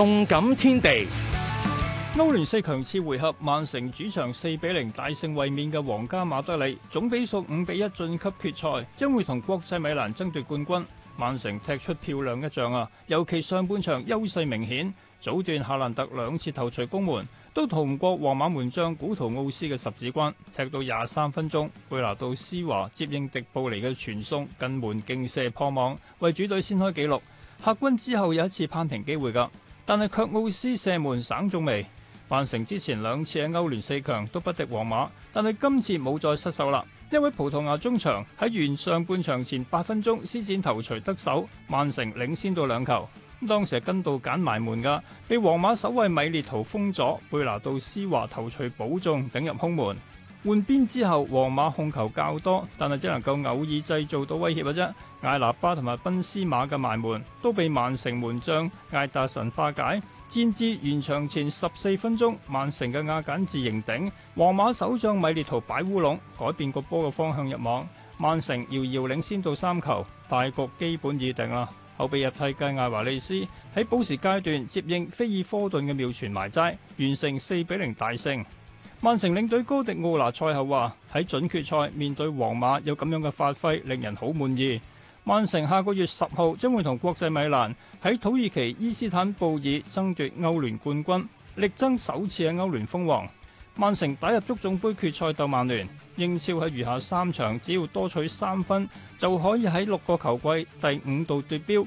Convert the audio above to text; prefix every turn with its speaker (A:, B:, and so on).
A: 動感天地，歐聯四強次回合，曼城主場四比零大勝衛冕嘅皇家馬德里，總比數五比一晉級決賽，將會同國際米蘭爭奪冠軍。曼城踢出漂亮一仗啊！尤其上半場優勢明顯，早段夏蘭特兩次頭錘攻門都逃唔過皇馬門將古圖奧斯嘅十指關。踢到廿三分鐘，貝拿度施華接應迪布尼嘅傳送近門勁射破網，為主隊先開紀錄。客軍之後有一次攀平機會噶。但係卻奧斯射門省中未，曼城之前兩次喺歐聯四強都不敵皇馬，但係今次冇再失手啦。因為葡萄牙中場喺完上半場前八分鐘施展頭槌得手，曼城領先到兩球。咁當時係跟到揀埋門㗎，被皇馬守衞米列圖封咗，貝拿度施華頭槌補中頂入空門。換邊之後，皇馬控球較多，但係只能夠偶爾製造到威脅嘅啫。艾拿巴同埋賓斯馬嘅埋門都被曼城門將艾達臣化解。戰至完場前十四分鐘，曼城嘅阿簡治迎頂，皇馬守將米列達奧擺烏龍，改變個波嘅方向入網。曼城遙遙領先到三球，大局基本已定啦。後備入替嘅艾華利斯喺補時階段接應菲爾科頓嘅妙傳埋齋，完成四比零大勝。曼城領隊高迪奧拿賽後話：喺準決賽面對皇馬有咁樣嘅發揮，令人好滿意。曼城下個月十號將會同國際米蘭喺土耳其伊斯坦布爾爭奪歐聯冠軍，力爭首次喺歐聯封王。曼城打入足總盃決賽鬥曼聯，英超喺餘下三場只要多取三分，就可以喺六個球季第五度奪標。